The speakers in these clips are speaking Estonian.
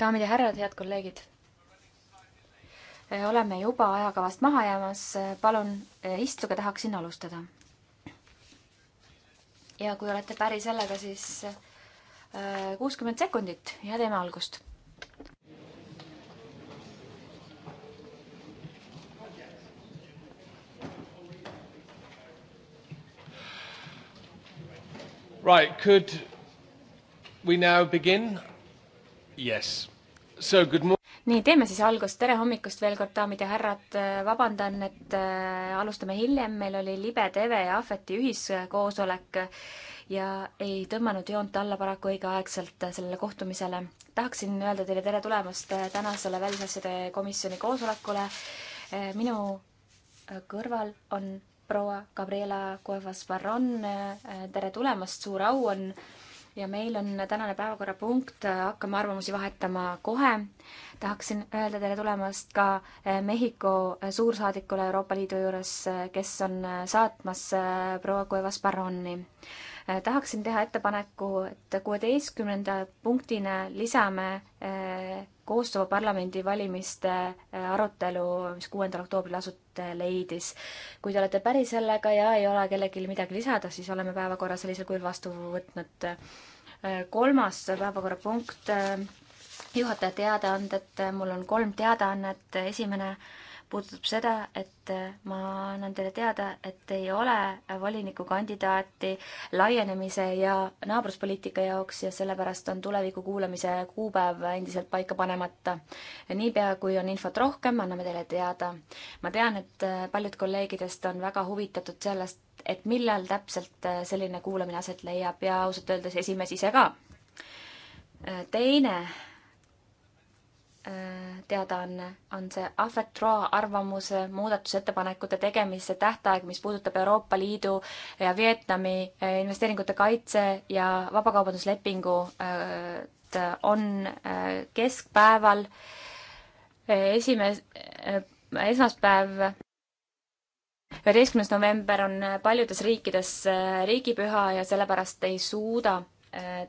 daamid ja härrad, head kolleegid! Eh, oleme juba ajakavast maha jäämas, eh, palun eh, istuge, tahaksin alustada. ja kui olete päri sellega, siis kuuskümmend sekundit ja teeme algust Right, could we now begin? Yes. So good morning nii, teeme siis algust, tere hommikust veel kord, daamid ja härrad, äh, vabandan, et äh, alustame hiljem, meil oli libe TV ja Ahveti ühiskoosolek ja ei tõmmanud joont alla paraku õigeaegselt äh, sellele kohtumisele. tahaksin öelda teile tere tulemast tänasele Välisasjade Komisjoni koosolekule. minu kõrval on proua Gabriela Cuevas-Barron, tere tulemast, suur au on ja meil on tänane päevakorrapunkt, äh, hakkame arvamusi vahetama kohe. tahaksin öelda tere tulemast ka äh, Mehhiko äh, suursaadikule Euroopa Liidu juures, kes on saatmas proua Cuevas Barroni. tahaksin teha ettepaneku, et kuueteistkümnenda punktina lisame Kosovo parlamendivalimiste äh, arutelu, mis kuuendal oktoobril asut-, äh, leidis. kui te olete päri sellega ja ei ole kellelgi midagi lisada, siis oleme päevakorra sellisel kujul vastu võtnud. Äh, kolmas päevakorrapunkt, juhataja teadaanded, mul on kolm teadaannet, esimene äh, puudutab seda, et äh, ma annan teile teada, et ei ole volinikukandidaati laienemise ja naabruspoliitika jaoks ja sellepärast on tuleviku kuulamise kuupäev endiselt paika panemata. niipea, kui on infot rohkem, anname teile teada. ma tean, et äh, paljud kolleegidest on väga huvitatud sellest, et millal täpselt äh, selline kuulamine aset leiab ja ausalt öeldes esimees ise ka. teine teadaanne on, on see Afetroa arvamuse muudatusettepanekute tegemise tähtaeg, mis puudutab Euroopa Liidu ja Vietnami äh, investeeringute kaitse ja vabakaubanduslepingu, äh, on äh, keskpäeval esimes-, esmaspäev, üheteistkümnes november on paljudes riikides riigipüha ja sellepärast ei suuda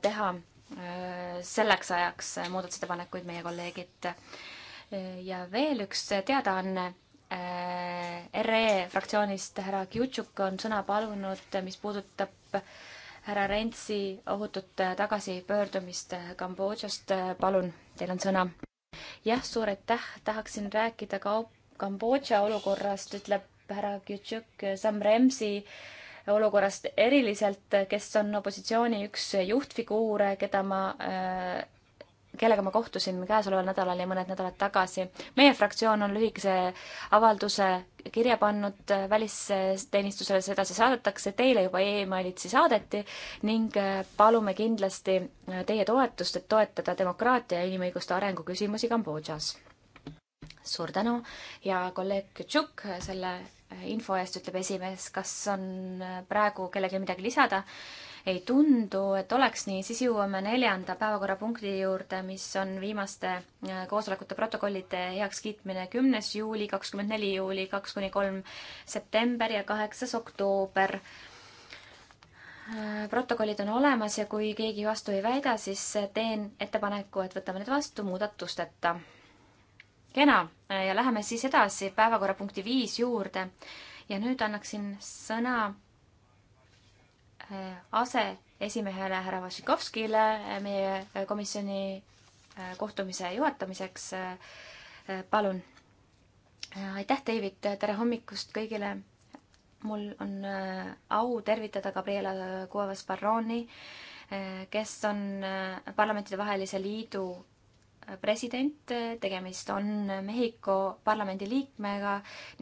teha selleks ajaks muudatusettepanekuid meie kolleegid. ja veel üks teadaanne. RE fraktsioonist härra Kiutšuk on sõna palunud, mis puudutab härra Rentsi ohutut tagasipöördumist Kambodžast. palun, teil on sõna. jah, suur aitäh, tahaksin rääkida ka Kambodža olukorrast, ütleb härra Kiutšuk, Sam Remsi äh, olukorrast eriliselt, kes on opositsiooni üks juhtfiguure, keda ma äh, kellega ma kohtusin käesoleval nädalal ja mõned nädalad tagasi. meie fraktsioon on lühikese avalduse kirja pannud äh, välisteenistusele, seda see saadetakse, teile juba emailitsi saadeti ning äh, palume kindlasti teie toetust, et toetada demokraatia ja inimõiguste arengu küsimusi Kambodžas. suur tänu ja kolleeg Kütšuk selle info eest, ütleb esimees, kas on äh, praegu kellelgi midagi lisada? ei tundu, et oleks nii, siis jõuame neljanda päevakorrapunkti juurde, mis on viimaste äh, koosolekute protokollide heakskiitmine kümnes juuli, kakskümmend neli juuli, kaks kuni kolm september ja kaheksas oktoober. Äh, protokollid on olemas ja kui keegi vastu ei väida, siis teen ettepaneku, et võtame need vastu muudatusteta kena ja läheme siis edasi päevakorrapunkti viis juurde ja nüüd annaksin sõna äh, aseesimehele härra Vašikovskile äh, meie äh, komisjoni kohtumise juhatamiseks. palun. aitäh, David, tere hommikust kõigile. mul on au tervitada Gabriela Cuevas-Barroni, kes on Parlamentidevahelise Liidu president, tegemist on Mehhiko parlamendi liikmega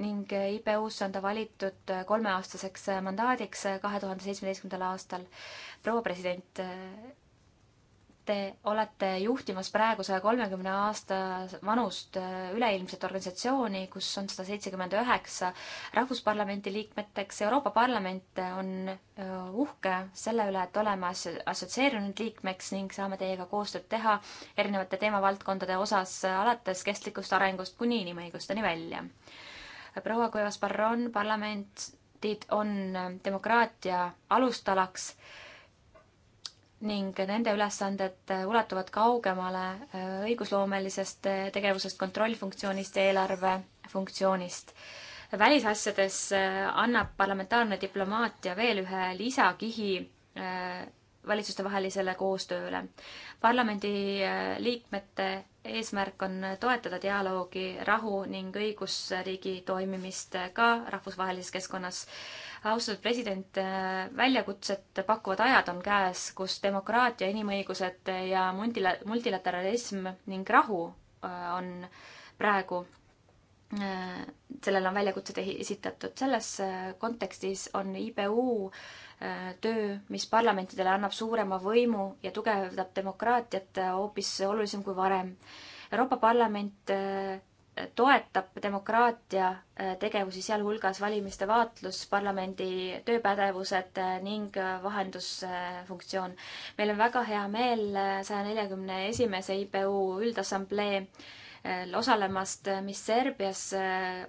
ning IPU-sse on ta valitud kolmeaastaseks mandaadiks kahe tuhande seitsmeteistkümnendal aastal. proua president, Te olete juhtimas praegu saja kolmekümne aasta vanust äh, üleilmset organisatsiooni, kus on sada seitsekümmend üheksa rahvusparlamenti liikmeteks. Euroopa Parlament on äh, uhke selle üle, et oleme assotsieerunud liikmeks ning saame teiega koostööd teha erinevate teemavaldkondade osas, äh, alates kestlikust arengust kuni inimõigusteni välja. proua Cuevas-Barron, parlament, on demokraatia alustalaks ning nende ülesanded äh, ulatuvad kaugemale äh, õigusloomelisest äh, tegevusest, kontrollfunktsioonist ja eelarvefunktsioonist. välisasjades annab parlamentaarne diplomaatia veel ühe lisakihi valitsustevahelisele koostööle. parlamendi liikmete eesmärk on toetada dialoogi, rahu ning õigusriigi toimimist ka rahvusvahelises keskkonnas austatud president, äh, väljakutset pakuvad ajad on käes, kus demokraatia, inimõigused ja mundila-, multilateralism ning rahu äh, on praegu äh, sellele on väljakutsed esitatud. selles kontekstis on IBU töö, mis parlamentidele annab suurema võimu ja tugevdab demokraatiat, hoopis olulisem kui varem. Euroopa Parlament toetab demokraatia äh, tegevusi, sealhulgas valimiste vaatlus, parlamendi tööpädevused äh, ning äh, vahendusfunktsioon. meil on väga hea meel saja neljakümne esimese IPU üldassamblee osalemast, mis Serbias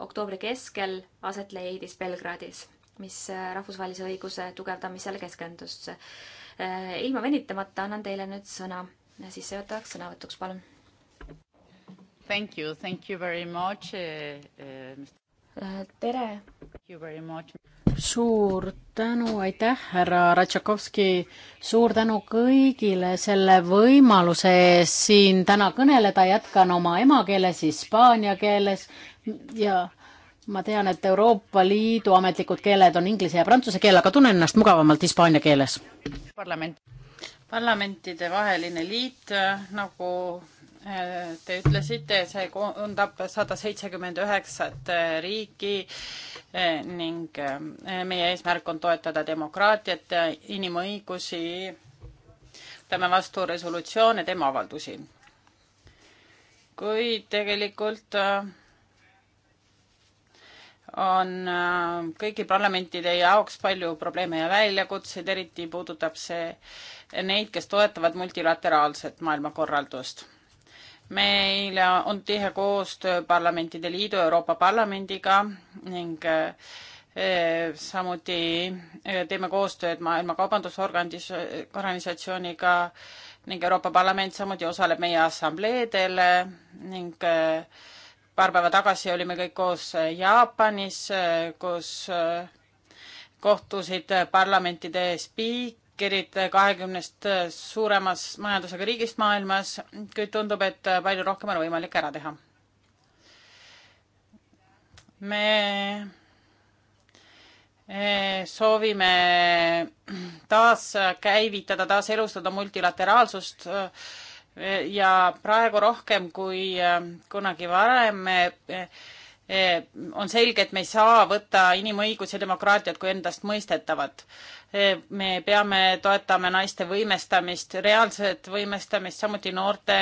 oktoobri keskel aset leidis Belgradis, mis rahvusvahelise õiguse tugevdamisele keskendus. ilma venitamata annan teile nüüd sõna sissejuhatavaks sõnavõtuks, palun Thank you, thank you very much uh,. Uh, äh, tere! suur tänu, aitäh, härra Ratšakovski, suur tänu kõigile selle võimaluse eest siin täna kõneleda, jätkan oma emakeeles, hispaania keeles ja ma tean, et Euroopa Liidu ametlikud keeled on inglise ja prantsuse keel, aga tunnen ennast mugavamalt hispaania keeles. parlament, parlamentidevaheline liit äh, nagu Te ütlesite, see koondab sada seitsekümmend üheksat äh, riiki äh, ning äh, meie eesmärk on toetada demokraatiat ja inimõigusi. võtame vastu resolutsioone, teeme avaldusi. kuid tegelikult on kõigi parlamentide jaoks palju probleeme ja väljakutseid, eriti puudutab see neid, kes toetavad multilateraalset maailmakorraldust meil on tihe koostöö Parlamentide Liidu Euroopa Parlamendiga ning eh, samuti eh, teeme koostööd Maailma Kaubandusorganisatsiooniga ning Euroopa Parlament samuti osaleb meie assambleedel ning eh, paar päeva tagasi olime kõik koos Jaapanis, kus kohtusid parlamentide spiik-, Kerrit kahekümnest suuremas majandusega riigist maailmas, kuid tundub, et palju rohkem on võimalik ära teha. me soovime taaskäivitada, taaselustada multilateraalsust ja praegu rohkem kui kunagi varem me Eh, on selge, et me ei saa võtta inimõigusi ja demokraatiat kui endastmõistetavat. Eh, me peame toetama naiste võimestamist, reaalset võimestamist, samuti noorte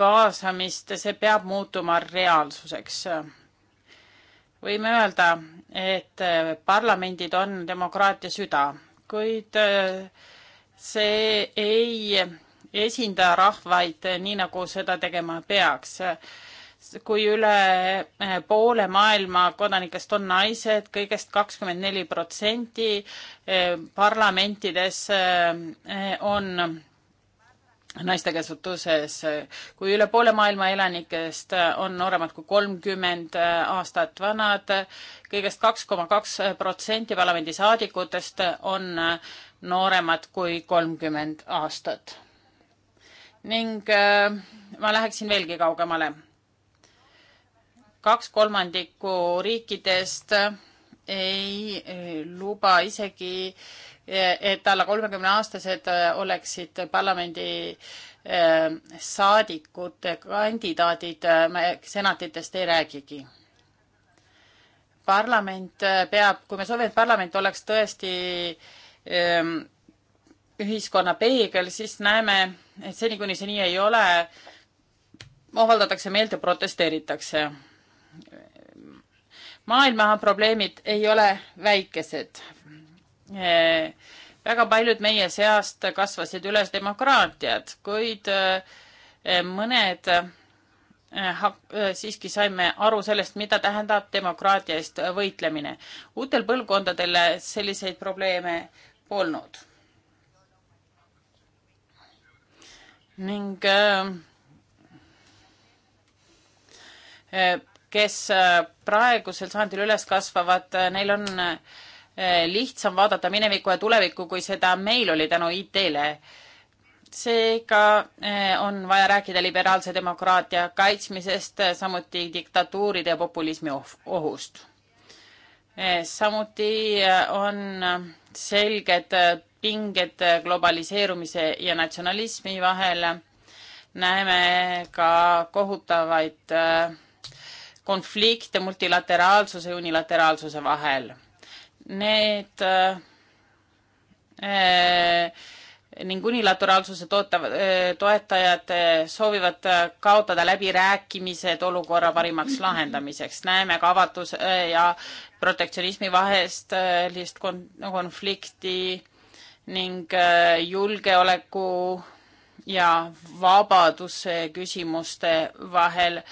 kaasamist, see peab muutuma reaalsuseks. võime öelda, et eh, parlamendid on demokraatia süda, kuid see ei esinda rahvaid nii, nagu seda tegema peaks kui üle eh, poole maailma kodanikest on naised kõigest, kõigest kakskümmend neli protsenti eh, parlamentides eh, on naiste käsutuses. kui üle poole maailma elanikest on nooremad kui kolmkümmend aastat vanad kõigest, kõigest kaks koma kaks protsenti parlamendisaadikutest on nooremad kui kolmkümmend aastat. ning ma läheksin veelgi kaugemale kaks kolmandikku riikidest ei eh, luba isegi, eh, et alla kolmekümne aastased eh, oleksid parlamendi saadikud, kandidaadid, me senatitest ei räägigi. parlament peab, kui me soovime, et parlament oleks tõesti ühiskonna peegel, siis näeme, et seni, kuni see nii ei ole, avaldatakse meelt ja protesteeritakse maailma probleemid ei ole väikesed. Eh, väga paljud meie seast kasvasid üles demokraatiat, kuid eh, mõned eh, siiski saime aru sellest, mida tähendab demokraatia eest võitlemine. uutel põlvkondadel selliseid probleeme polnud. ning äh, kes äh, praegusel sajandil üles kasvavad, äh, neil on äh, lihtsam vaadata minevikku ja tulevikku, kui seda meil oli tänu IT-le. seega on vaja rääkida liberaalse demokraatia kaitsmisest, samuti diktatuuride ja populismi oh-, ohust. samuti on selged pinged globaliseerumise ja natsionalismi vahel. näeme ka kohutavaid äh, konflikte multilateraalsuse ja unilateraalsuse vahel. Need äh, ning unilateraalsuse toetavad, äh, toetajad äh, soovivad äh, kaotada läbirääkimised olukorra parimaks lahendamiseks. näeme ka avatus ja protektsionismi vahest sellist konflikti ning julgeoleku ja vabaduse küsimuste vahel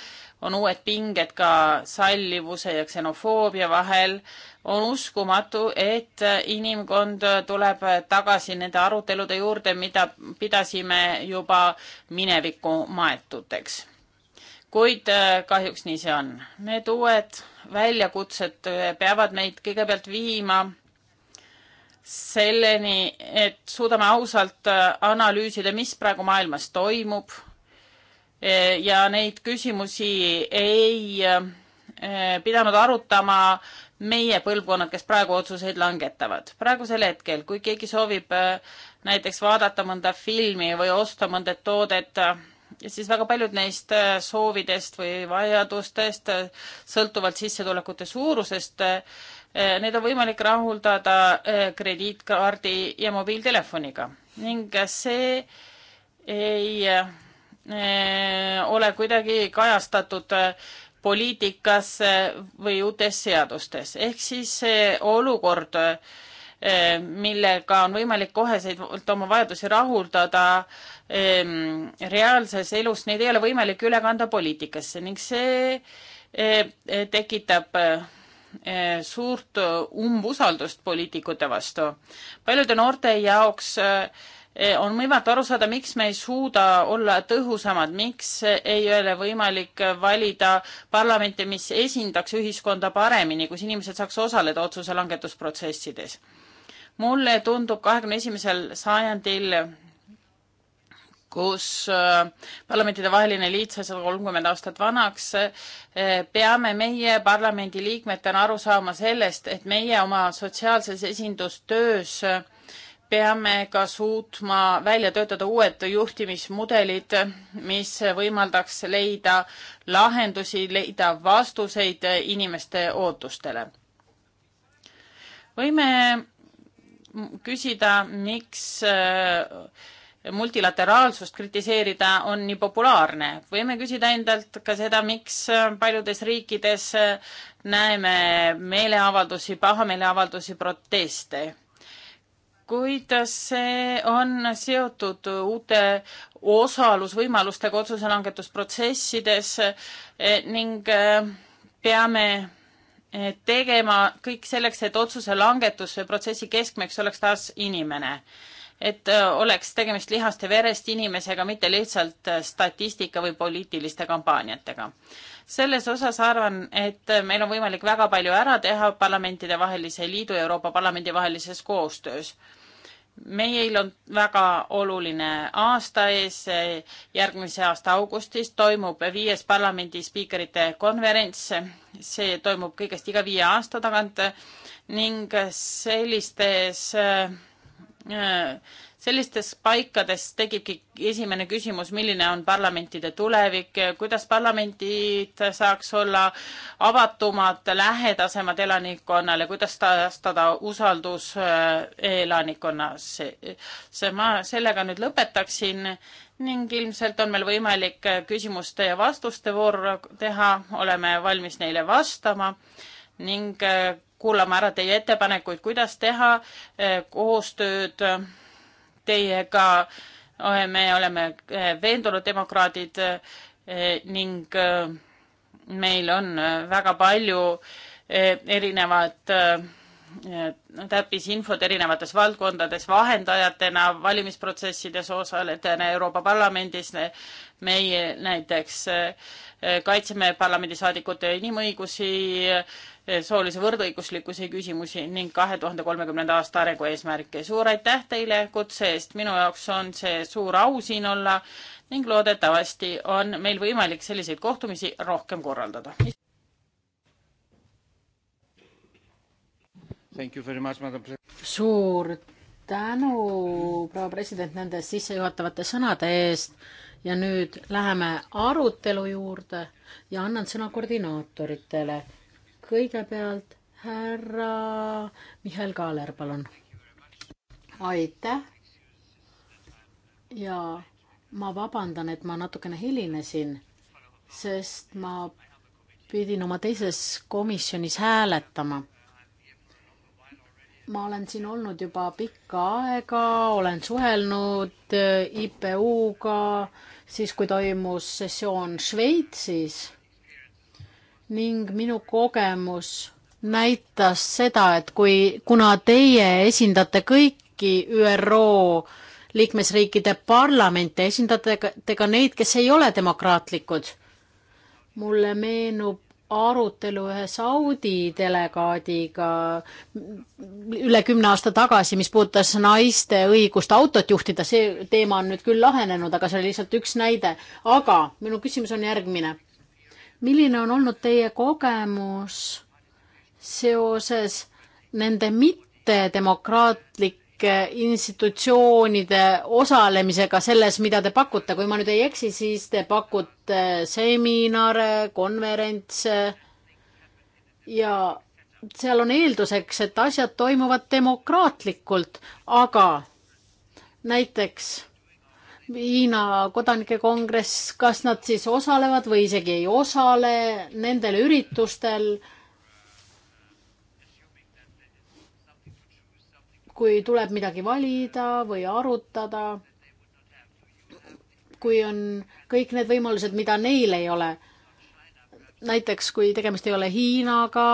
on uued pinged ka sallivuse ja ksenofoobia vahel. on uskumatu, et inimkond tuleb tagasi nende arutelude juurde, mida pidasime juba minevikku maetud, kuid äh, kahjuks nii see on. Need uued väljakutsed äh, peavad meid kõigepealt viima selleni, et suudame ausalt äh, analüüsida, mis praegu maailmas toimub Eh, ja neid küsimusi ei eh, pidanud arutama meie põlvkonnad, kes praegu otsuseid langetavad. praegusel hetkel, kui keegi soovib eh, näiteks vaadata mõnda filmi või osta mõnda toodet, siis väga paljud neist soovidest või vajadustest sõltuvalt sissetulekute suurusest, need on võimalik rahuldada krediitkaardi ja mobiiltelefoniga ning see ei Äh, ole kuidagi kajastatud äh, poliitikas äh, või uutes seadustes. ehk siis see olukord, millega on võimalik koheseid oma vajadusi rahuldada, ähm, reaalses elus neid ei ole võimalik üle kanda poliitikasse ning see tekitab suurt umbusaldust poliitikute vastu. paljude noorte jaoks äh, Eh, on võimatu aru saada, miks me ei suuda olla tõhusamad, miks ei ole võimalik valida parlamente, mis esindaks ühiskonda paremini, kus inimesed saaks osaleda otsuse langetusprotsessides. mulle tundub kahekümne esimesel sajandil kus äh, parlamentidevaheline liit sai sada kolmkümmend aastat vanaks, äh, peame meie parlamendiliikmetena aru saama sellest, et meie oma sotsiaalses esindustöös äh, peame ka suutma välja töötada uued juhtimismudelid, mis võimaldaks leida lahendusi, leida vastuseid inimeste ootustele. võime küsida, miks äh, multilateraalsust kritiseerida on nii populaarne. võime küsida endalt ka seda, miks äh, paljudes riikides äh, näeme meeleavaldusi, pahameeleavaldusi, proteste kuidas see on seotud uute osalusvõimalustega otsuse langetusprotsessides eh, ning eh, peame eh, tegema kõik selleks, et otsuse langetusprotsessi keskmeks oleks taas inimene. et oleks tegemist lihast ja verest inimesega, mitte lihtsalt statistika või poliitiliste kampaaniatega selles osas arvan, et meil on võimalik väga palju ära teha parlamentidevahelise liidu ja Euroopa Parlamendi vahelises koostöös. meil on väga oluline aasta ees, järgmise aasta augustis toimub viies parlamendi spiikrite konverents, see toimub kõigest iga viie aasta tagant ning sellistes äh, sellistes paikades tekibki esimene küsimus, milline on parlamentide tulevik, kuidas parlamendid saaks olla avatumad, lähedasemad elanikkonnale, kuidas taastada usaldus äh, elanikkonnas. see, ma sellega nüüd lõpetaksin ning ilmselt on meil võimalik küsimuste ja vastuste voor teha, oleme valmis neile vastama ning äh, kuulame ära teie ettepanekuid, kuidas teha äh, koostööd teiega, eh, me oleme eh, veendunud demokraadid eh, ning meil on väga palju erinevad täppisinfot erinevates valdkondades vahendajatena valimisprotsessides osalejatena Euroopa Parlamendis. meie näiteks eh, kaitseme parlamendisaadikute inimõigusi, eh, soolise võrdõiguslikkuse küsimusi ning kahe tuhande kolmekümnenda aasta arengu eesmärke. suur aitäh teile kutse eest, minu jaoks on see suur au siin olla ning loodetavasti on meil võimalik selliseid kohtumisi rohkem korraldada. suur tänu, proua president, nende sissejuhatavate sõnade eest ja nüüd läheme arutelu juurde ja annan sõna koordinaatoritele. kõigepealt härra Mihhail Kaaler, palun. aitäh. ja ma vabandan, et ma natukene hilinesin, sest ma pidin oma teises komisjonis hääletama ma olen siin olnud juba pikka aega, olen suhelnud äh, IPU-ga siis, kui toimus sessioon Šveitsis ning minu kogemus näitas seda, et kui, kuna teie esindate kõiki ÜRO liikmesriikide parlamente, esindate ka, te ka neid, kes ei ole demokraatlikud. mulle meenub arutelu ühe Saudi delegaadiga üle kümne aasta tagasi, mis puudutas naiste õigust autot juhtida, see teema on nüüd küll lahenenud, aga see oli lihtsalt üks näide. aga minu küsimus on järgmine. milline on olnud teie kogemus seoses nende mittedemokraatlike institutsioonide osalemisega selles, mida te pakute, kui ma nüüd ei eksi, siis te pakute seminare, konverentse ja seal on eelduseks, et asjad toimuvad demokraatlikult, aga näiteks Hiina kodanike kongress, kas nad siis osalevad või isegi ei osale nendel üritustel kui tuleb midagi valida või arutada, kui on kõik need võimalused, mida neil ei ole. näiteks kui tegemist ei ole Hiinaga,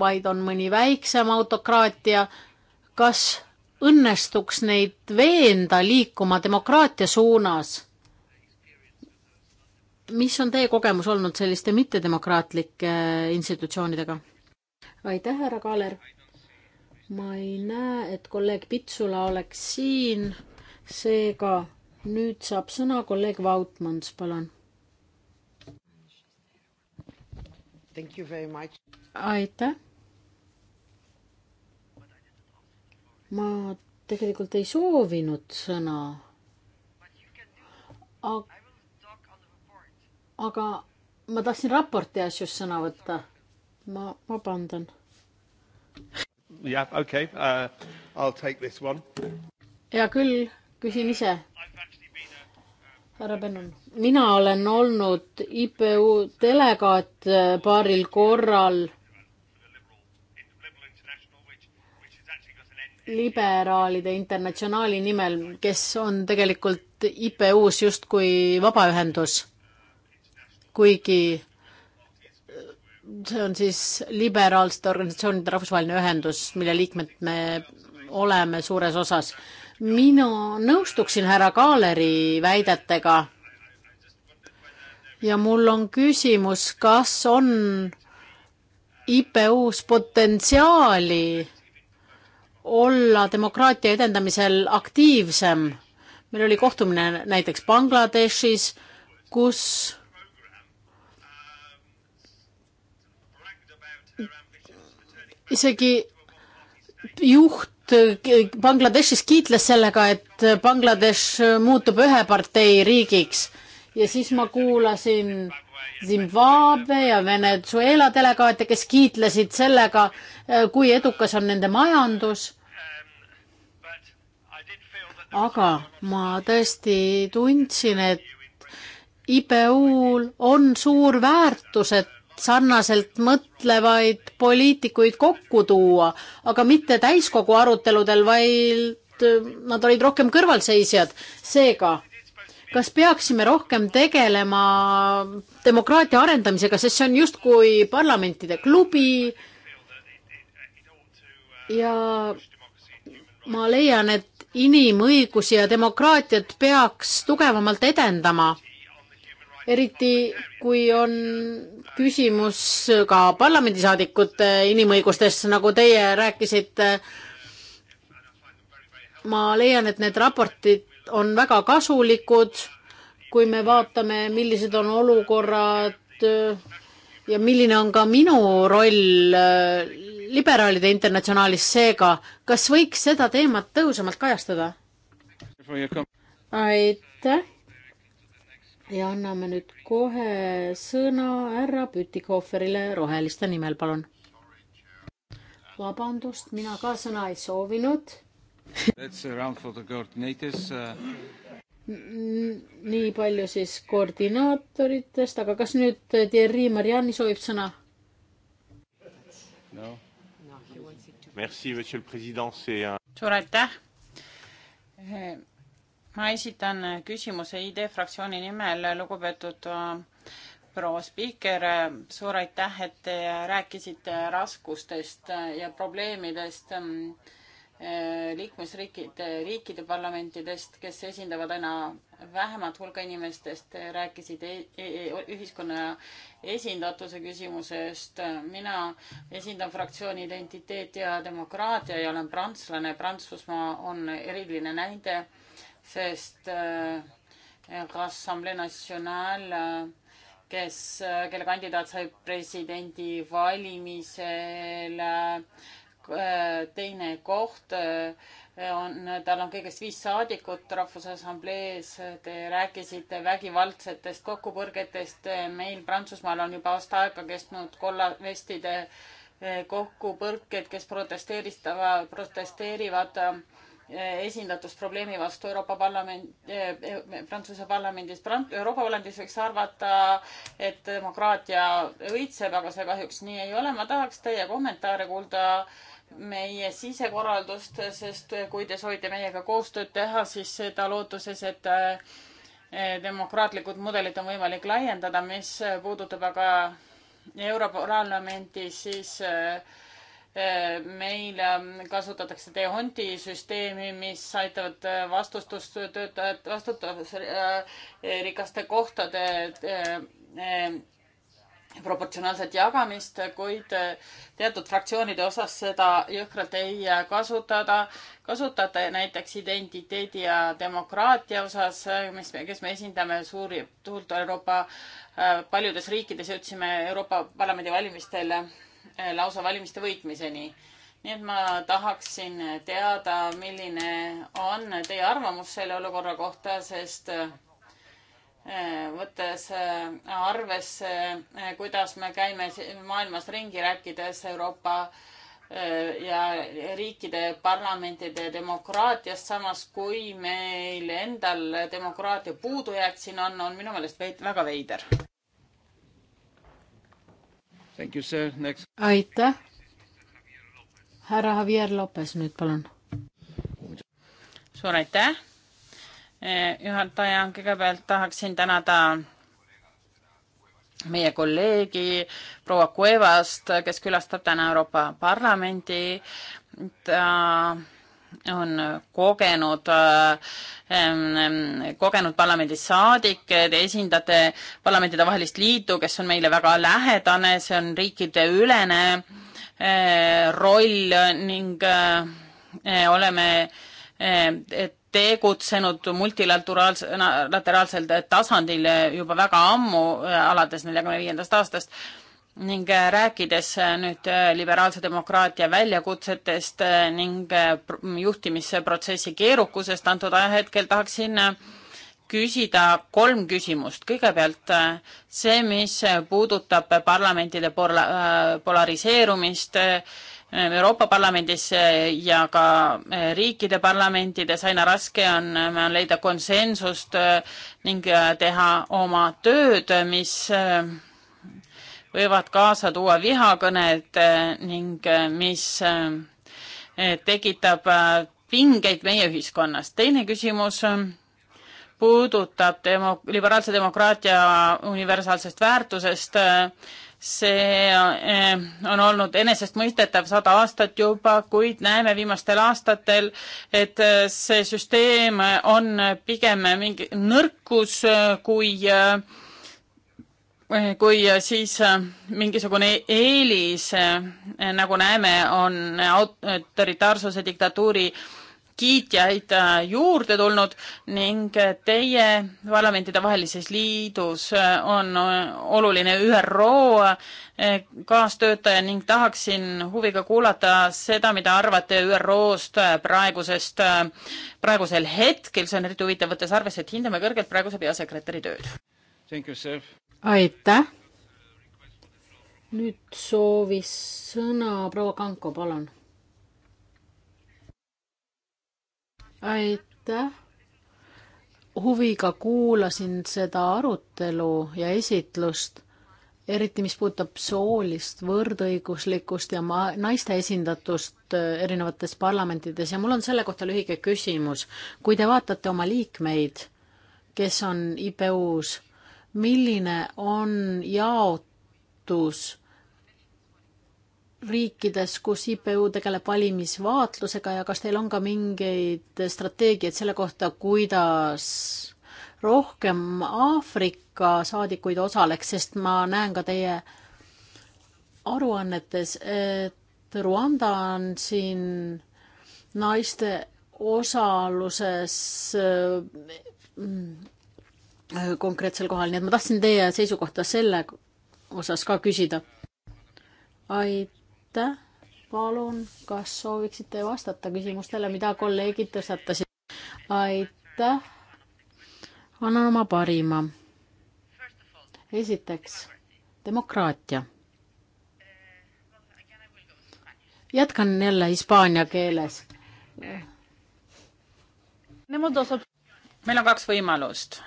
vaid on mõni väiksem autokraatia, kas õnnestuks neid veenda liikuma demokraatia suunas? mis on teie kogemus olnud selliste mittedemokraatlike institutsioonidega? aitäh, härra Kaaler! ma ei näe, et kolleeg Pitsula oleks siin, seega nüüd saab sõna kolleeg Vautmans, palun. aitäh. ma tegelikult ei soovinud sõna. aga ma tahtsin raporti asjus sõna võtta. ma vabandan Yeah, okay. Uh, I'll take this one. hea küll, küsin ise. Uh, härra Pennon, mina olen olnud IPU delegaat äh, paaril korral liberaalide internatsionaali nimel, kes on tegelikult IPU-s justkui vabaühendus, kuigi see on siis liberaalsete organisatsioonide rahvusvaheline ühendus, mille liikmed me oleme suures osas. mina nõustuksin härra Kaaleri väidetega. ja mul on küsimus, kas on IPU-s potentsiaali olla demokraatia edendamisel aktiivsem. meil oli kohtumine näiteks Bangladeshis, kus isegi juht eh, Bangladeshis kiitles sellega, et Bangladesh muutub ühe partei riigiks ja siis ma kuulasin Zimbabwe ja Venezuela delegaate, kes kiitlesid sellega, eh, kui edukas on nende majandus. aga ma tõesti tundsin, et IPU-l on suur väärtus, et sarnaselt mõtlevaid poliitikuid kokku tuua, aga mitte täiskogu aruteludel, vaid äh, nad olid rohkem kõrvalseisjad. seega, kas peaksime rohkem tegelema demokraatia arendamisega, sest see on justkui parlamentide klubi ja ma leian, et inimõigusi ja demokraatiat peaks tugevamalt edendama eriti kui on küsimus ka parlamendisaadikute inimõigustes, nagu teie rääkisite. ma leian, et need raportid on väga kasulikud, kui me vaatame, millised on olukorrad äh, ja milline on ka minu roll äh, liberaalide internatsionaalis, seega kas võiks seda teemat tõhusamalt kajastada? aitäh ja anname nüüd kohe sõna härra Pütikohverile Roheliste nimel, palun. vabandust, mina ka sõna ei soovinud. Uh, nii palju siis koordinaatoritest, aga kas nüüd Thierry Mariani soovib sõna? suur aitäh eh, ma esitan küsimuse ID fraktsiooni nimel, lugupeetud äh, proua spiiker, suur aitäh, et te rääkisite raskustest ja probleemidest ähm, äh, liikmesriikide, riikide parlamentidest, kes esindavad aina vähemat hulka inimestest, rääkisid e, e, e, ühiskonna esindatuse küsimusest. mina esindan fraktsiooni identiteet ja demokraatia ja olen prantslane. Prantsusmaa on eriline näide sest äh, Rassamblee National, äh, kes, äh, kelle kandidaat sai presidendi valimisel teine koht, on, tal on kõigest viis saadikut Rahvusassamblees. Te rääkisite vägivaldsetest kokkupõrgetest. meil Prantsusmaal on juba aasta aega kestnud kollavestide kokkupõrked, kes protesteeristava, protesteerivad Eh, esindatusprobleemi vastu Euroopa Parlament eh,, eh Prantsuse parlamendis. Euroopa Parlamendis võiks arvata, et demokraatia õitseb, aga see kahjuks nii ei ole. ma tahaks teie kommentaare kuulda meie sisekorraldust, sest kui te soovite meiega koostööd teha, siis seda lootuses, et eh, demokraatlikud mudelid on võimalik laiendada, mis puudutab aga Europarlamenti, siis äh, meil kasutatakse Dehonti süsteemi, mis aitavad äh, vastustustöötajad, vastutusrikaste äh, kohtade äh, proportsionaalset jagamist, kuid teatud fraktsioonide osas seda jõhkralt ei kasutada. kasutada näiteks identiteedi ja demokraatia osas, mis me, kes me esindame suuri, tuult Euroopa paljudes riikides, jõudsime Euroopa Parlamendi valimistel Eh, lausa valimiste võitmiseni. nii et ma tahaksin teada, milline on teie arvamus selle olukorra kohta, sest eh, võttes eh, arvesse, kuidas me käime maailmas ringi, rääkides Euroopa ja riikide parlamentide demokraatiast, samas kui meil endal demokraatia puudujääk siin on, on minu meelest veid-, väga veider aitäh. härra Javier Lopes nüüd palun. suur aitäh. E, juhataja, kõigepealt tahaksin tänada meie kolleegi proua Cuevast, kes külastab täna Euroopa Parlamendi. ta on kogenud ähm,, ähm kogenud parlamendisaadik, te esindate parlamentidevahelist liitu, kes on meile väga lähedane, see on riikideülene äh, roll ning äh, oleme äh, tegutsenud multilateraalsel tasandil juba väga ammu, äh, alates neljakümne viiendast aastast ning äh, rääkides äh, nüüd äh, liberaalse demokraatia väljakutsetest ning juhtimisprotsessi keerukusest antud ajahetkel tahaksin küsida kolm küsimust. kõigepealt see, mis puudutab parlamentide pola-, polariseerumist Euroopa Parlamendis ja ka riikide parlamentides, aina raske on leida konsensust ning teha oma tööd, mis võivad kaasa tuua vihakõned eh, ning eh, mis eh, tekitab pingeid meie ühiskonnas. teine küsimus puudutab demo-, liberaalse demokraatia universaalsest väärtusest. see on olnud enesestmõistetav sada aastat juba, kuid näeme viimastel aastatel, et see süsteem on pigem mingi nõrkus kui äh, Eh, kui eh, siis eh, mingisugune eelis, nagu näeme, on autoritaarsuse diktatuuri kiitjaid juurde tulnud ning teie parlamentide vahelises liidus on oluline ÜRO kaastöötaja ning tahaksin huviga kuulata seda, mida arvate ÜRO-st praegusest, praegusel hetkel, see on eriti huvitav, võttes arvesse, et hindame kõrgelt praeguse peasekretäri tööd aitäh. nüüd soovis sõna proua Kanko, palun. aitäh. huviga kuulasin seda arutelu ja esitlust, eriti mis puudutab soolist võrdõiguslikkust ja ma, naiste esindatust äh, erinevates parlamentides ja mul on selle kohta lühike küsimus. kui te vaatate oma liikmeid, kes on IPU-s milline on jaotus riikides, kus IPU tegeleb valimisvaatlusega ja kas teil on ka mingeid strateegiaid selle kohta, kuidas rohkem Aafrika saadikuid osaleks, sest ma näen ka teie aruannetes, et Rwanda on siin naiste osaluses mm, Äh, konkreetsel kohal, nii et ma tahtsin teie seisukohta selle osas ka küsida. aitäh, palun, kas sooviksite vastata küsimustele, mida kolleegid tõstatasid? aitäh, annan oma parima. esiteks, demokraatia. jätkan jälle hispaania keeles. meil on kaks võimalust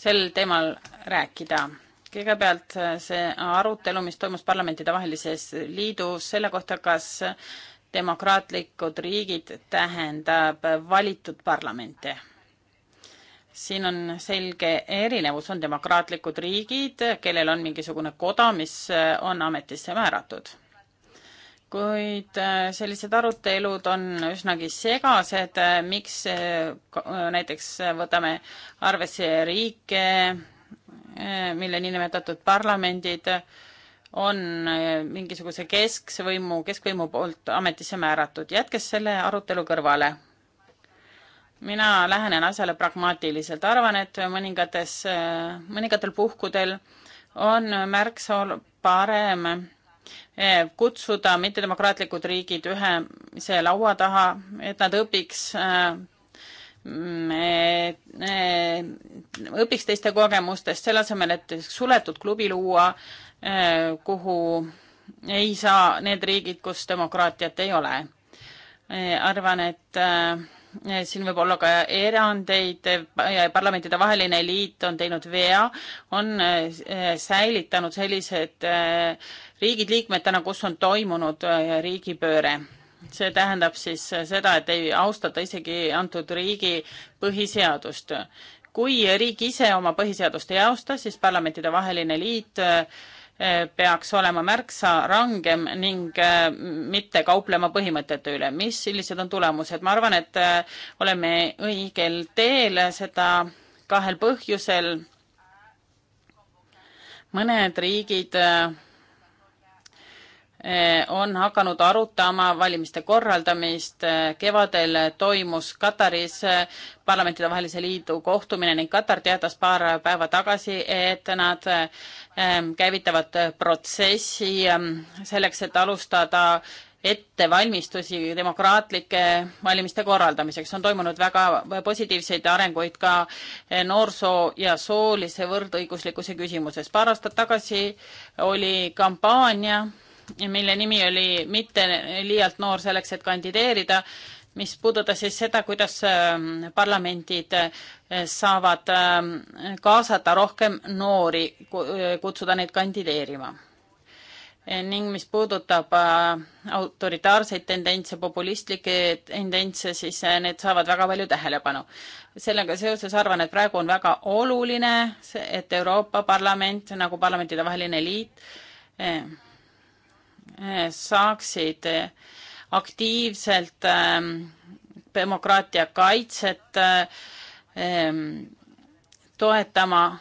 sel teemal rääkida. kõigepealt äh, see arutelu, mis toimus parlamentidevahelises liidus selle kohta, kas demokraatlikud riigid tähendab valitud parlamente. siin on selge erinevus, on demokraatlikud riigid, kellel on mingisugune koda, mis äh, on ametisse määratud kuid äh, sellised arutelud on üsnagi segased, äh, miks äh, näiteks võtame arvesse riike, mille niinimetatud parlamendid on mingisuguse keskvõimu, keskvõimu poolt ametisse määratud, jätkes selle arutelu kõrvale. mina lähenen asjale pragmaatiliselt, arvan, et mõningates, mõningatel puhkudel on märksa parem Eh, kutsuda mittedemokraatlikud riigid ühe laua taha, et nad õpiks Me, eh, me, mm, eh, õpiks teiste kogemustest, selle asemel, et suletud klubi luua, kuhu ei saa need riigid, kus demokraatiat ei ole. arvan, et Eh, siin võib olla ka erandeid, eh, parlamentide vaheline liit on teinud vea, on eh, säilitanud sellised riigid liikmetena, kus on toimunud riigipööre. see tähendab siis seda, et ei austata isegi antud riigi põhiseadust. kui riik ise oma põhiseadust ei austa, siis parlamentide vaheline liit peaks olema märksa rangem ning äh, mitte kauplema põhimõtete üle. mis, millised on tulemused? ma arvan, et äh, oleme õigel teel, seda kahel põhjusel. mõned riigid äh, Eh, on hakanud arutama valimiste korraldamist. Eh, kevadel toimus Kataris eh, parlamentidevahelise liidu kohtumine ning Katar teatas paar päeva tagasi, et nad käivitavad protsessi selleks, et alustada ettevalmistusi demokraatlike valimiste korraldamiseks. on toimunud väga positiivseid arenguid ka noorsoo- ja soolise võrdõiguslikkuse küsimuses. paar aastat tagasi oli kampaania mille nimi oli Mitte liialt noor selleks, et kandideerida, mis puudutas siis seda, kuidas ähm, parlamendid äh, saavad ähm, kaasata rohkem noori, äh, kutsuda neid kandideerima. ning mis puudutab äh, autoritaarseid tendentse, populistlikke tendentse, siis need saavad väga palju tähelepanu. sellega seoses arvan, et praegu on väga oluline see, et Euroopa Parlament nagu parlamentidevaheline liit saaksid aktiivselt ähm, demokraatia kaitset ähm, toetama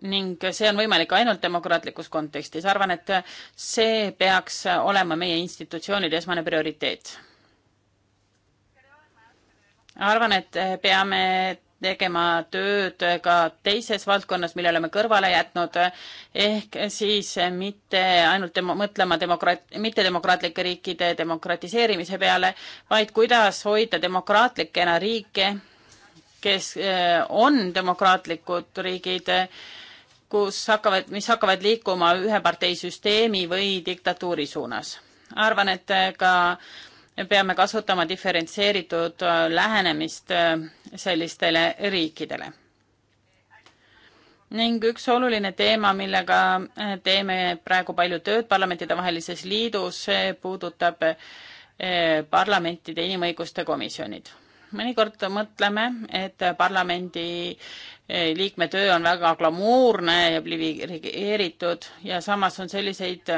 ning see on võimalik ainult demokraatlikus kontekstis. arvan, et see peaks olema meie institutsioonide esmane prioriteet. arvan, et peame tegema tööd ka teises valdkonnas, mille oleme kõrvale jätnud, ehk siis mitte ainult demo, mõtlema demokraat-, mittedemokraatlike riikide demokratiseerimise peale, vaid kuidas hoida demokraatlikena riike, kes eh, on demokraatlikud riigid, kus hakkavad, mis hakkavad liikuma ühe parteisüsteemi või diktatuuri suunas. arvan, et ka äh, me peame kasutama diferentseeritud äh, lähenemist äh, sellistele riikidele. ning üks oluline teema, millega äh, teeme praegu palju tööd parlamentidevahelises liidus, puudutab parlamentide inimõiguste komisjonid. mõnikord mõtleme, et parlamendi liikme töö on väga glamuurne ja privilegeeritud ja samas on selliseid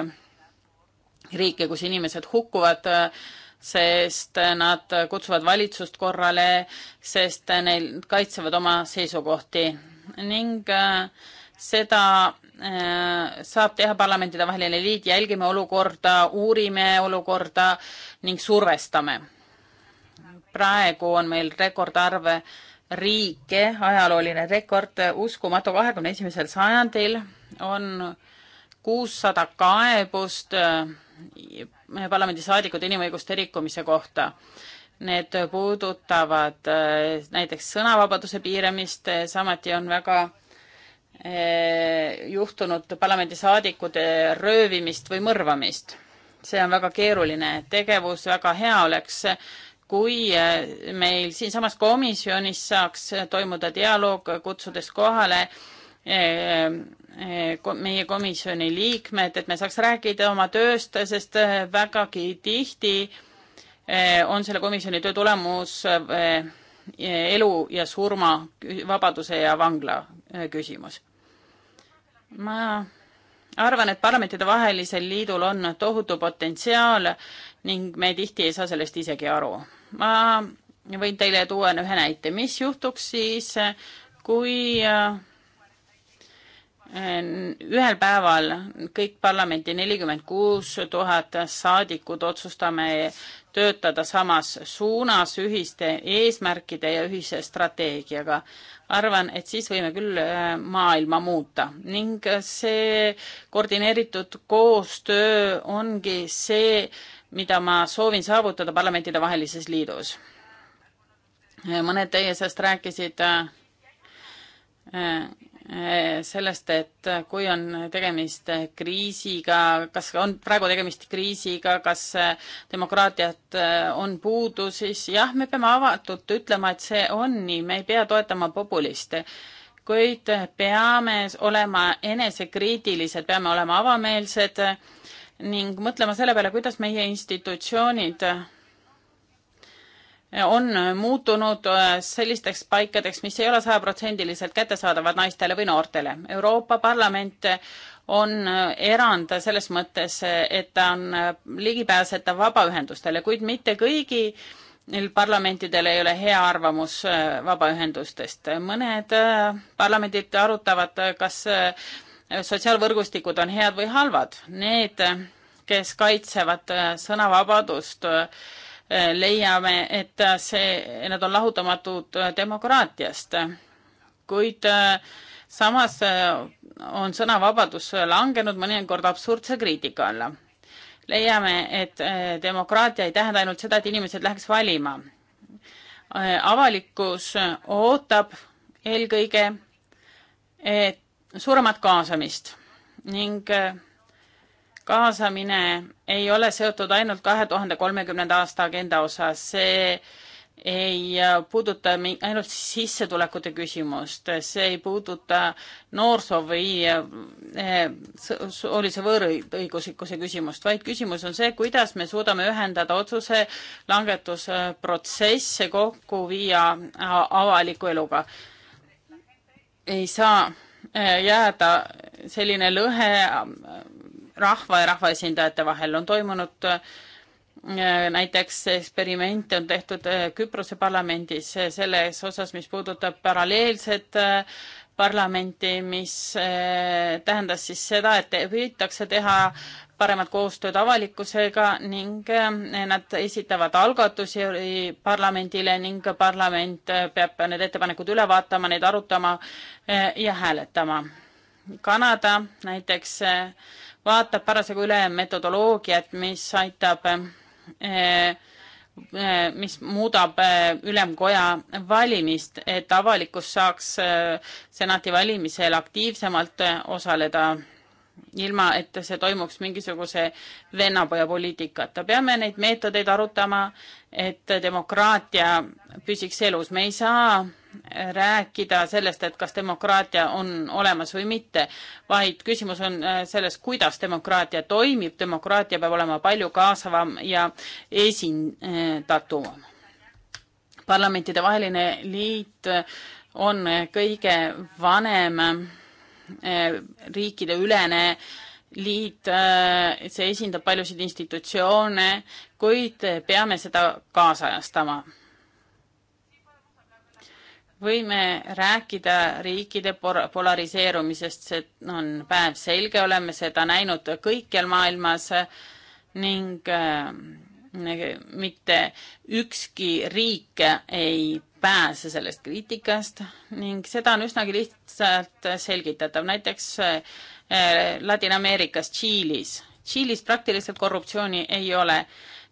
riike, kus inimesed hukkuvad sest nad kutsuvad valitsust korrale, sest neil kaitsevad oma seisukohti ning äh, seda äh, saab teha parlamentide vaheline liit, jälgime olukorda, uurime olukorda ning survestame. praegu on meil rekordarv riike, ajalooline rekord, uskumatu, kahekümne esimesel sajandil on kuussada kaebust äh, parlamendisaadikud inimõiguste rikkumise kohta. Need puudutavad äh, näiteks sõnavabaduse piiramist, äh, samuti on väga äh, juhtunud parlamendisaadikute röövimist või mõrvamist. see on väga keeruline tegevus, väga hea oleks, kui meil siinsamas komisjonis saaks toimuda dialoog, kutsudes kohale äh, meie komisjoni liikmed, et me saaks rääkida oma tööst, sest äh, vägagi tihti äh, on selle komisjoni töö tulemus äh, elu ja surma, vabaduse ja vangla küsimus. ma arvan, et parlamentidevahelisel liidul on tohutu potentsiaal ning me tihti ei saa sellest isegi aru. ma võin teile tuua ühe näite, mis juhtuks siis, kui äh, Äh, ühel päeval kõik parlamendi nelikümmend kuus tuhat saadikut otsustame töötada samas suunas ühiste eesmärkide ja ühise strateegiaga. arvan, et siis võime küll äh, maailma muuta ning see koordineeritud koostöö ongi see, mida ma soovin saavutada parlamentidevahelises liidus. Äh, mõned teie seast rääkisid Eh, sellest, et kui on tegemist kriisiga, kas on praegu tegemist kriisiga, kas eh, demokraatiat eh, on puudu, siis jah, me peame avatult ütlema, et see on nii, me ei pea toetama populiste. kuid peame olema enesekriitilised, peame olema avameelsed ning mõtlema selle peale, kuidas meie institutsioonid on muutunud äh, sellisteks paikadeks, mis ei ole sajaprotsendiliselt kättesaadavad naistele või noortele. Euroopa Parlament on äh, erand selles mõttes, et ta on äh, ligipääsetav vabaühendustele, kuid mitte kõigi parlamentidel ei ole hea arvamus vabaühendustest. mõned parlamendid arutavad, kas sotsiaalvõrgustikud on head või halvad. Need, kes kaitsevad sõnavabadust, leiame, et see, nad on lahutamatud demokraatiast. kuid äh, samas äh, on sõnavabadus langenud mõnikord absurdse kriitika alla. leiame, et äh, demokraatia ei tähenda ainult seda, et inimesed läheks valima. avalikkus ootab eelkõige suuremat kaasamist ning kaasamine ei ole seotud ainult kahe tuhande kolmekümnenda aasta agenda osas, see ei puuduta ainult sissetulekute küsimust, see ei puuduta noorsoo või eh, soolise võõrõiguslikkuse küsimust, vaid küsimus on see, kuidas me suudame ühendada otsuse langetusprotsesse kokku viia avaliku eluga. ei saa eh, jääda selline lõhe rahva ja rahvaesindajate vahel. on toimunud äh, näiteks eksperimente on tehtud äh, Küprose parlamendis äh, selles osas, mis puudutab paralleelset parlamenti, mis tähendas siis seda, et püütakse teha paremat koostööd avalikkusega ning nad esitavad algatusi parlamendile ning parlament peab need ettepanekud üle vaatama, neid arutama ja hääletama. Kanada näiteks vaatab parasjagu üle metodoloogiat, mis aitab, eh, eh, mis muudab eh, ülemkoja valimist, et avalikkus saaks senati valimisel aktiivsemalt osaleda ilma, et see toimuks mingisuguse vennapojapoliitikata. peame neid meetodeid arutama, et demokraatia püsiks elus. me ei saa rääkida sellest, et kas demokraatia on olemas või mitte, vaid küsimus on äh, selles, kuidas demokraatia toimib. demokraatia peab olema palju kaasavam ja esindatuvam. parlamentidevaheline liit äh, on äh, kõige vanem riikideülene liit, see esindab paljusid institutsioone, kuid peame seda kaasajastama võime rääkida riikide polariseerumisest, see on päevselge, oleme seda näinud kõikjal maailmas ning äh, mitte ükski riik ei pääse sellest kriitikast ning seda on üsnagi lihtsalt selgitatav. näiteks äh, Ladina-Ameerikas, Tšiilis. Tšiilis praktiliselt korruptsiooni ei ole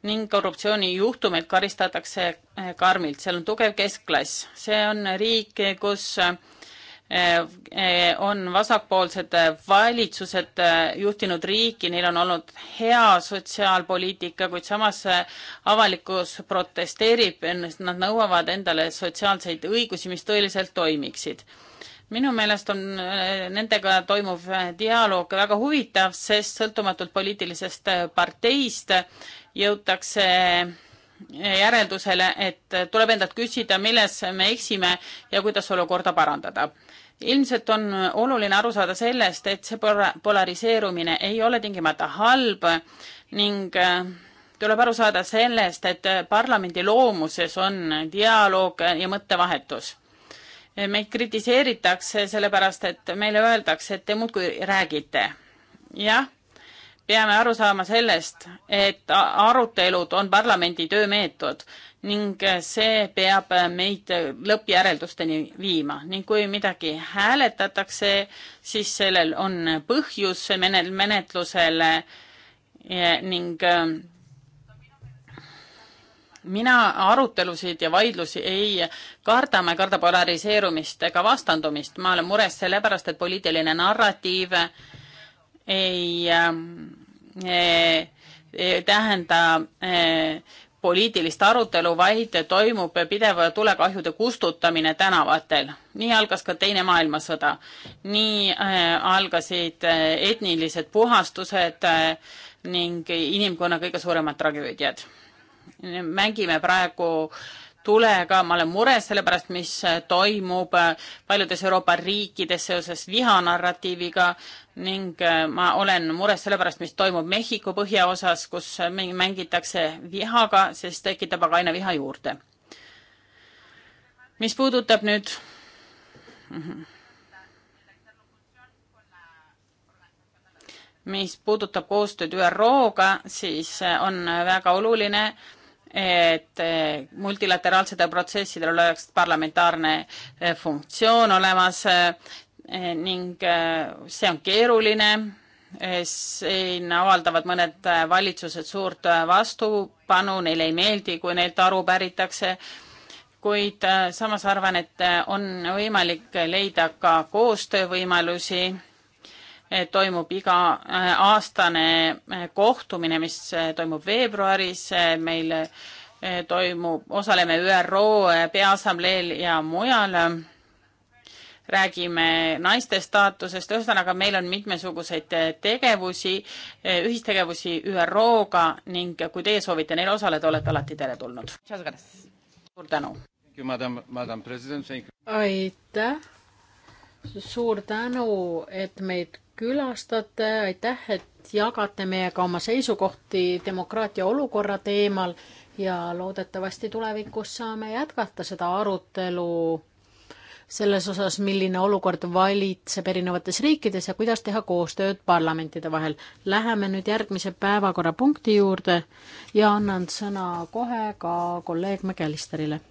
ning korruptsioonijuhtumeid karistatakse eh, karmilt, seal on tugev keskklass, see on riik, kus eh, eh, on vasakpoolsed valitsused juhtinud riiki, neil on olnud hea sotsiaalpoliitika, kuid samas avalikkus protesteerib, nad nõuavad endale sotsiaalseid õigusi, mis tõeliselt toimiksid minu meelest on äh, nendega toimuv äh, dialoog väga huvitav, sest sõltumatult poliitilisest äh, parteist jõutakse järeldusele, et tuleb endalt küsida, milles me eksime ja kuidas olukorda parandada. ilmselt on oluline aru saada sellest, et see polariseerumine ei ole tingimata halb ning tuleb aru saada sellest, et parlamendi loomuses on dialoog ja mõttevahetus meid kritiseeritakse sellepärast, et meile öeldakse, et te muudkui räägite. jah, peame aru saama sellest, et arutelud on parlamendi töömeetod ning see peab meid lõppjäreldusteni viima ning kui midagi hääletatakse, siis sellel on põhjus menetlusele ning ähm, mina arutelusid ja vaidlusi ei karda, ma ei karda polariseerumist ega vastandumist, ma olen mures sellepärast, et poliitiline narratiiv ei, ähm, ei, ei tähenda ei, äh, poliitilist arutelu, vaid toimub pidev tulekahjude kustutamine tänavatel. nii algas ka Teine maailmasõda. nii äh, algasid äh, etnilised puhastused ning inimkonna kõige suuremad tragöödiad mängime praegu tulega, ma olen mures selle pärast, mis toimub paljudes Euroopa riikides seoses vihanarratiiviga ning äh, ma olen mures selle pärast, mis toimub Mehhiko põhjaosas, kus mängitakse vihaga, sest tekitab aga aina viha juurde. mis puudutab nüüd mis puudutab koostööd ÜRO-ga, siis on väga oluline äh, et eh, multilateraalsetel protsessidel oleks parlamentaarne eh, funktsioon olemas eh, ning see on keeruline. siin avaldavad mõned valitsused suurt vastupanu, neile ei meeldi, kui neilt aru päritakse, kuid samas arvan, et on võimalik leida ka koostöövõimalusi toimub iga-aastane äh, äh, kohtumine, mis äh, toimub veebruaris, meil toimub, osaleme ÜRO Peaassambleel ja mujal, räägime naiste staatusest, ühesõnaga meil on mitmesuguseid tegevusi, ühistegevusi ÜRO-ga ning kui teie soovite neil osaleda, olete alati teretulnud. suur tänu! aitäh! suur tänu, et meid külastate, aitäh, et jagate meiega oma seisukohti demokraatia olukorra teemal ja loodetavasti tulevikus saame jätkata seda arutelu selles osas, milline olukord valitseb erinevates riikides ja kuidas teha koostööd parlamentide vahel. Läheme nüüd järgmise päevakorrapunkti juurde ja annan sõna kohe ka kolleeg McAllisterile